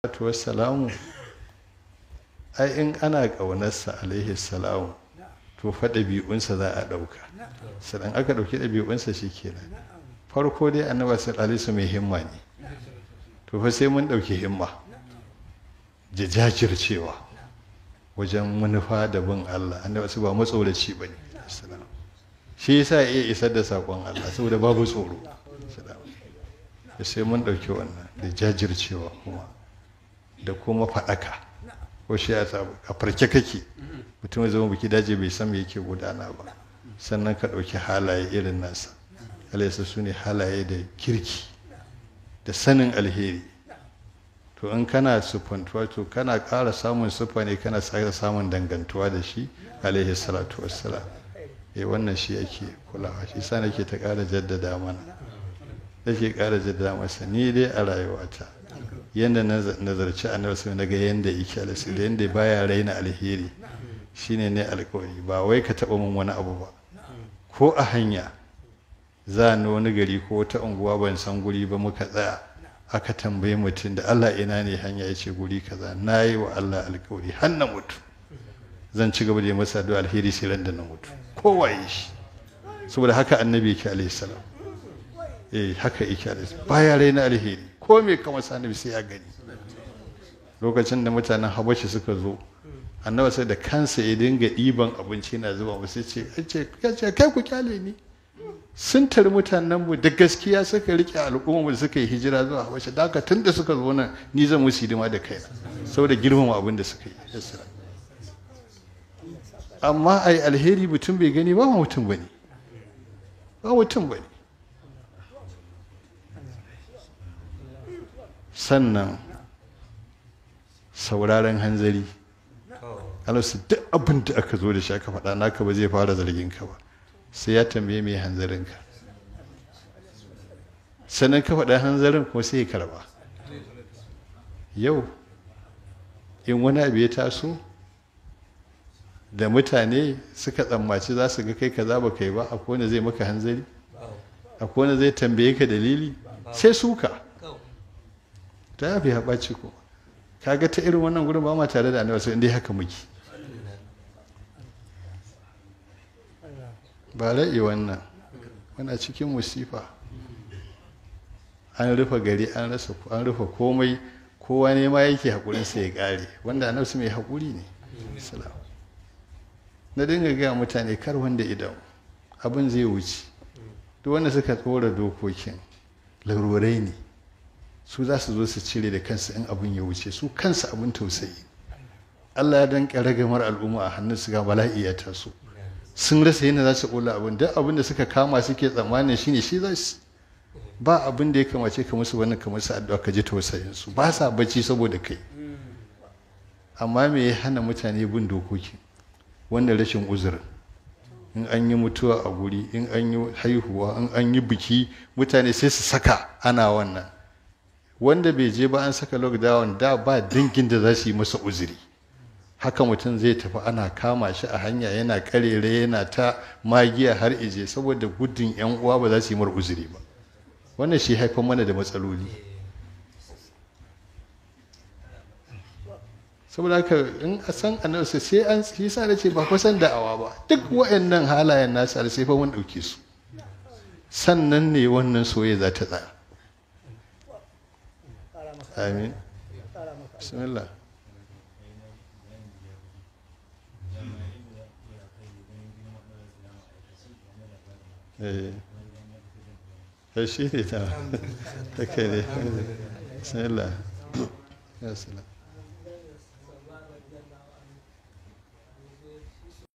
salatu Salamu? ai in ana ƙaunarsa alaihi salamu to fa ɗabi'unsa za a ɗauka sannan aka ɗauki ɗabi'unsa shi kenan farko dai annaba sallallahu mai himma ne to fa sai mun ɗauki himma da jajircewa wajen manufa da bin Allah annaba su ba matsoraci ba ne shi yasa iya isar da sakon Allah saboda babu tsoro sai mun ɗauki wannan da jajircewa kuma da kuma faɗaka ko shi ya a farke kake mutum zama biki daji bai san me yake gudana ba sannan ka ɗauki halaye irin nasa alaisa su ne halaye da kirki da sanin alheri to in kana sufantuwa to kana ƙara samun sufa ne kana tsara samun dangantuwa da shi alaihi salatu wassalam eh wannan shi ake kulawa shi sa nake ta ƙara jaddada mana yake ƙara jaddada masa ni dai a rayuwata yanda nazarci annabi sai na ga yanda yake alheri da yanda baya raina alheri shine ne alkawari ba wai ka taba mun wani abu ba ko a hanya za ni wani gari ko wata unguwa ban san guri ba muka tsaya aka tambaye mutum da Allah ina ne hanya ya ce guri kaza na yi wa Allah alkawari har mutu zan ci gaba da masa addu'a alheri sai ran da na mutu kowaye shi saboda haka annabi yake alaihi salam eh haka yake alaihi baya raina alheri ko mai kama annabi sai ya gani lokacin da mutanen habashi suka zo annabi sai da kansa ya dinga ɗiban abinci na zuba musu ce ya ce kai ku kyale ni sun tari mutanen mu da gaskiya suka rike al'umma mu suka yi hijira zuwa habashi da haka tunda suka zo nan ni zan musu hidima da kaina saboda girmama abin da suka yi amma ai alheri mutum bai gani ba mutum bane ba mutum bane sannan sauraren hanzari alasu duk abin da aka zo da shi aka faɗa naka ba zai fara zargin ka ba sai ya tambaye mai hanzarin ka sannan ka faɗa hanzarin kuma sai ya karba yau in wani abu ya taso da mutane suka tsammaci za su ga kai kaza ba kai ba akwai wanda zai maka hanzari akwai wanda zai tambaye ka dalili sai suka ta yafi haɓa ɓaci ko kaga ta irin wannan gurin ba ma tare da annabi sai dai haka muke ba ra'i wannan muna cikin musifa an rufe gari an rasa an rufe komai kowa ne ma yake haƙurin sai ya ƙare. wanda annabi su mai haƙuri ne na dinga gaya mutane kar wanda idan abin zai wuce duk wanda suka tsora dokokin larurai ne su za su zo su cire da kansu in abin ya wuce su kansu abin tausayi Allah ya danƙa ragamar al'umma a hannun su ga bala'i ya taso sun rasa yadda za su ƙola abin duk abin da suka kama suke tsammanin shine shi za su ba abin da ya kamace ka musu wannan kamar su addu'a ka ji tausayin su ba sa bacci saboda kai amma me ya hana mutane bin dokoki wannan rashin uzurin in an yi mutuwa a guri in an yi haihuwa in an yi biki mutane sai su saka ana wannan wanda bai je ba an saka lockdown da ba dingin da za su yi masa uzuri haka mutum zai tafi ana kama shi a hanya yana karere yana ta magiya har ije saboda gudun yan uwa ba za su yi mar uzuri ba wannan shi haifar mana da matsaloli saboda haka in a san annabi sai an shi sa da ce ba kusan da'awa ba duk waɗannan halayen nasu sai fa mun ɗauke su sannan ne wannan soyayya za ta tsaya amin bismillah eh. eh shi ne ta kai ne